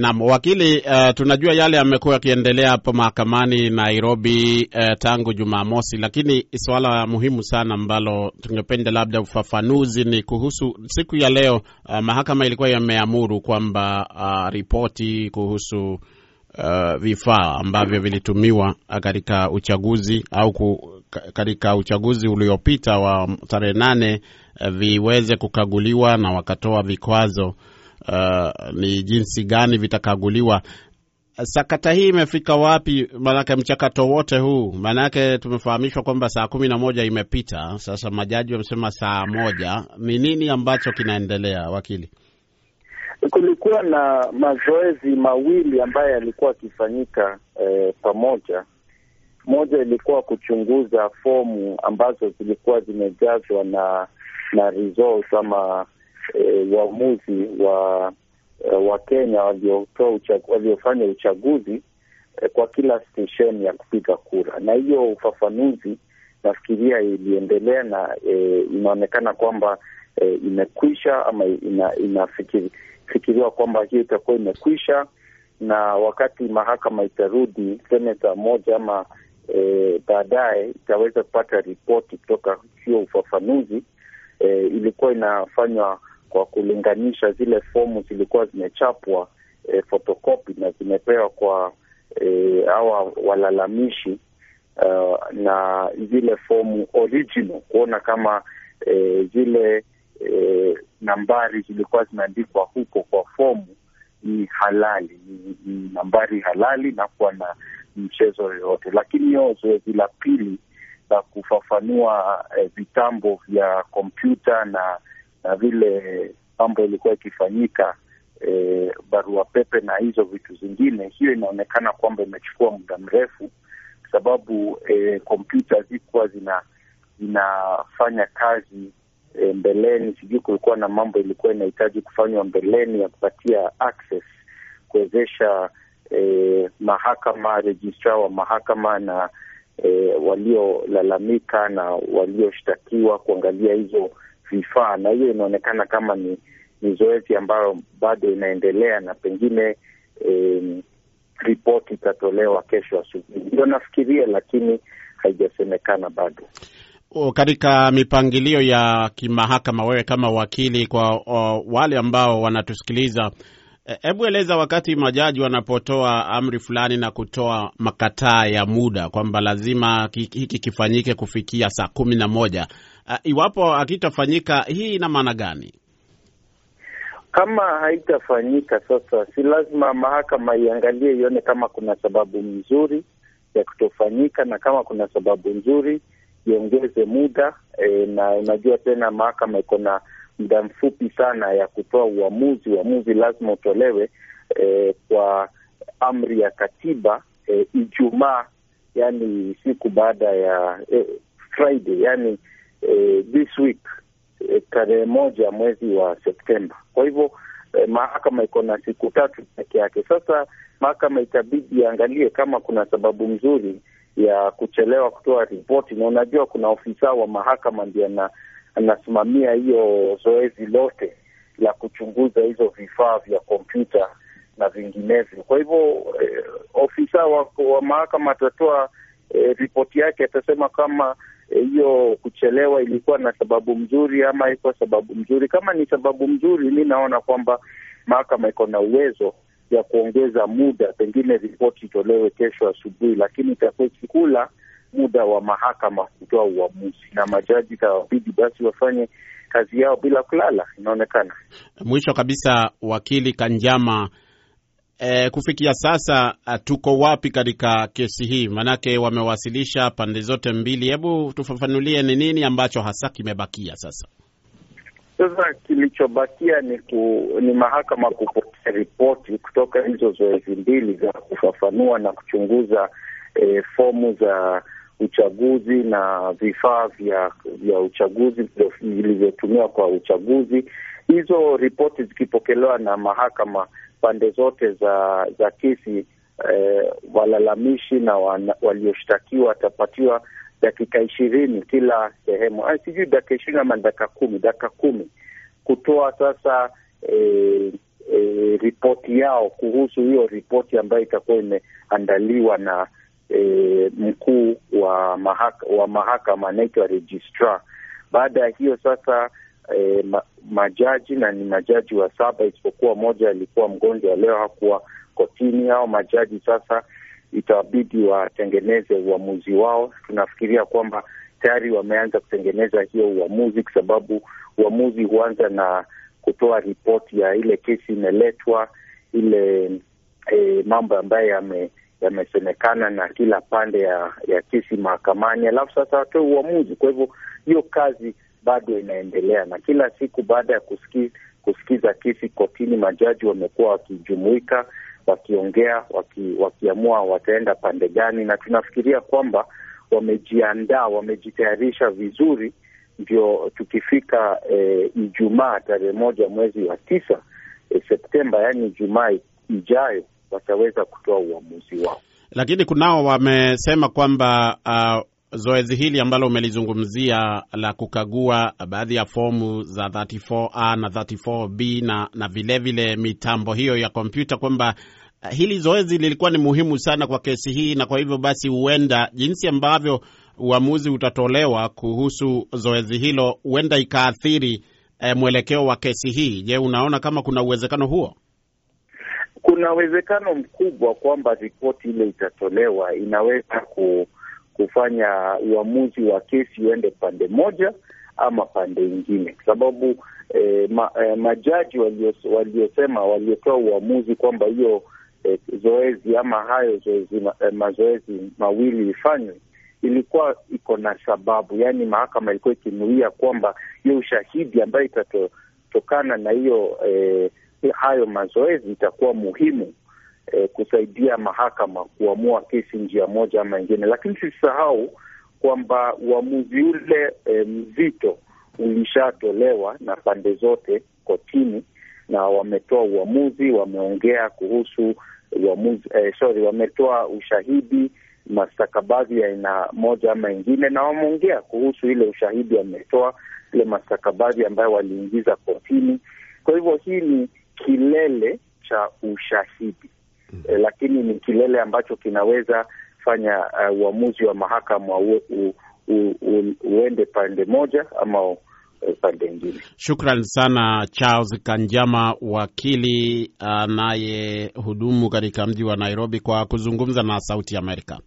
Naam, wakili, uh, tunajua yale yamekuwa yakiendelea hapo mahakamani Nairobi uh, tangu Jumamosi, lakini swala muhimu sana ambalo tungependa labda ufafanuzi ni kuhusu siku ya leo. Uh, mahakama ilikuwa yameamuru kwamba uh, ripoti kuhusu uh, vifaa ambavyo vilitumiwa katika uchaguzi au katika uchaguzi uliopita wa tarehe nane uh, viweze kukaguliwa na wakatoa vikwazo uh, ni jinsi gani vitakaguliwa. Sakata hii imefika wapi? Maanake mchakato wote huu, maanake tumefahamishwa kwamba saa kumi na moja imepita sasa, majaji wamesema saa moja. Ni nini ambacho kinaendelea, wakili? Kulikuwa na mazoezi mawili ambayo yalikuwa akifanyika eh, pamoja. Moja ilikuwa kuchunguza fomu ambazo zilikuwa zimejazwa na na results ama e, uamuzi wa e, wa Kenya waliofanya uchag, waliofanya uchaguzi e, kwa kila stesheni ya kupiga kura, na hiyo ufafanuzi nafikiria iliendelea na e, inaonekana kwamba e, imekwisha ama ina, inafikiri fikiriwa kwamba hiyo itakuwa imekwisha, na wakati mahakama itarudi seneta moja ama e, baadaye itaweza kupata ripoti kutoka hiyo ufafanuzi e, ilikuwa inafanywa kwa kulinganisha zile fomu zilikuwa zimechapwa e, fotokopi na zimepewa kwa e, awa walalamishi uh, na zile fomu original kuona kama e, zile e, nambari zilikuwa zimeandikwa huko kwa fomu ni halali, ni nambari halali na kuwa na mchezo yoyote. Lakini hiyo zoezi la pili la kufafanua e, vitambo vya kompyuta na na vile mambo ilikuwa ikifanyika e, barua pepe na hizo vitu zingine, hiyo inaonekana kwamba imechukua muda mrefu, sababu e, kompyuta e, zikuwa zina zinafanya kazi e, mbeleni. Sijui kulikuwa na mambo ilikuwa inahitaji kufanywa mbeleni ya kupatia access kuwezesha e, mahakama rejistra wa mahakama na e, waliolalamika na walioshtakiwa kuangalia hizo vifaa, na hiyo inaonekana kama ni, ni zoezi ambayo bado inaendelea na pengine eh, ripoti itatolewa kesho asubuhi, ndio nafikiria, lakini haijasemekana bado. Katika mipangilio ya kimahakama, wewe kama wakili, kwa o, wale ambao wanatusikiliza, e, hebu eleza, wakati majaji wanapotoa amri fulani na kutoa makataa ya muda kwamba lazima hiki kifanyike kufikia saa kumi na moja, uh, iwapo hakitafanyika, hii ina maana gani? Kama haitafanyika sasa, si lazima mahakama iangalie, ione kama kuna sababu nzuri ya kutofanyika, na kama kuna sababu nzuri iongeze muda e, na unajua tena mahakama iko na muda mfupi sana ya kutoa uamuzi. Uamuzi lazima utolewe e, kwa amri ya katiba e, Ijumaa, yani siku baada ya e, Friday yani eh, this week eh, tarehe moja mwezi wa Septemba. Kwa hivyo eh, mahakama iko na siku tatu peke yake. Sasa mahakama itabidi iangalie kama kuna sababu nzuri ya kuchelewa kutoa ripoti, na unajua kuna ofisa wa mahakama ndiye anasimamia hiyo zoezi lote la kuchunguza hizo vifaa vya kompyuta na vinginevyo. Kwa hivyo eh, ofisa wa, wa mahakama atatoa eh, ripoti yake, atasema kama Eh, hiyo kuchelewa ilikuwa na sababu mzuri ama haikuwa sababu mzuri. Kama ni sababu mzuri, mi naona kwamba mahakama iko na uwezo ya kuongeza muda, pengine ripoti itolewe kesho asubuhi, lakini itakuwa ikikula muda wa mahakama kutoa uamuzi, na majaji itawabidi basi wafanye kazi yao bila kulala. Inaonekana mwisho kabisa, wakili Kanjama E, kufikia sasa eh, tuko wapi katika kesi hii? Maanake wamewasilisha pande zote mbili. Hebu tufafanulie ni nini ambacho hasa kimebakia sasa. Sasa kilichobakia ni, ku, ni mahakama kupokea ripoti kutoka hizo zoezi mbili za kufafanua na kuchunguza e, fomu za uchaguzi na vifaa vya vya uchaguzi vilivyotumiwa kwa uchaguzi. Hizo ripoti zikipokelewa na mahakama pande zote za za kesi eh, walalamishi na walioshtakiwa watapatiwa dakika ishirini kila sehemu, sijui dakika ishirini ama dakika kumi, dakika kumi kutoa sasa eh, eh, ripoti yao kuhusu hiyo ripoti ambayo itakuwa imeandaliwa na e, mkuu wa mahaka, wa mahakama anaitwa registrar. Baada ya hiyo sasa e, ma, majaji na ni majaji wa saba, isipokuwa moja alikuwa mgonjwa, leo hakuwa kotini. Hao majaji sasa itabidi watengeneze uamuzi wao. Tunafikiria kwamba tayari wameanza kutengeneza hiyo uamuzi, kwa sababu uamuzi huanza na kutoa ripoti ya ile kesi imeletwa, ile e, mambo ambayo yame yamesemekana na kila pande ya, ya kesi mahakamani, alafu sasa watoe uamuzi. Kwa hivyo hiyo kazi bado inaendelea, na kila siku baada ya kusikiza, kusikiza kesi kotini, majaji wamekuwa wakijumuika, wakiongea, waki, wakiamua wataenda pande gani, na tunafikiria kwamba wamejiandaa, wamejitayarisha vizuri, ndio tukifika eh, Ijumaa tarehe moja mwezi wa tisa eh, Septemba, yaani Ijumaa ijayo wataweza kutoa uamuzi wao. Lakini kunao wamesema kwamba uh zoezi hili ambalo umelizungumzia la kukagua baadhi ya fomu za 34A na 34B na, na vilevile mitambo hiyo ya kompyuta kwamba uh, hili zoezi lilikuwa ni muhimu sana kwa kesi hii, na kwa hivyo basi huenda jinsi ambavyo uamuzi utatolewa kuhusu zoezi hilo huenda ikaathiri eh, mwelekeo wa kesi hii. Je, unaona kama kuna uwezekano huo? kuna uwezekano mkubwa kwamba ripoti ile itatolewa inaweza ku, kufanya uamuzi wa kesi uende pande moja ama pande ingine, kwa sababu eh, ma, eh, majaji waliosema waliotoa uamuzi kwamba hiyo eh, zoezi ama hayo zoezi ma, eh, mazoezi mawili ifanywe ilikuwa iko na sababu, yaani mahakama ilikuwa ikinuia kwamba hiyo ushahidi ambayo itatokana na hiyo eh, hayo mazoezi itakuwa muhimu eh, kusaidia mahakama kuamua kesi njia moja ama ingine, lakini sisahau kwamba uamuzi ule e, mzito ulishatolewa na pande zote kotini, na wametoa uamuzi, wameongea kuhusu uamuzi eh, sorry, wametoa ushahidi mastakabadhi ya aina moja ama ingine, na wameongea kuhusu ile ushahidi wametoa ile mastakabadhi ambayo waliingiza kotini. Kwa hivyo hii ni kilele cha ushahidi mm. E, lakini ni kilele ambacho kinaweza fanya uh, uamuzi wa mahakama uende pande moja ama eh, pande ingine. Shukran sana Charles Kanjama, wakili anayehudumu uh, katika mji wa Nairobi, kwa kuzungumza na Sauti ya Amerika.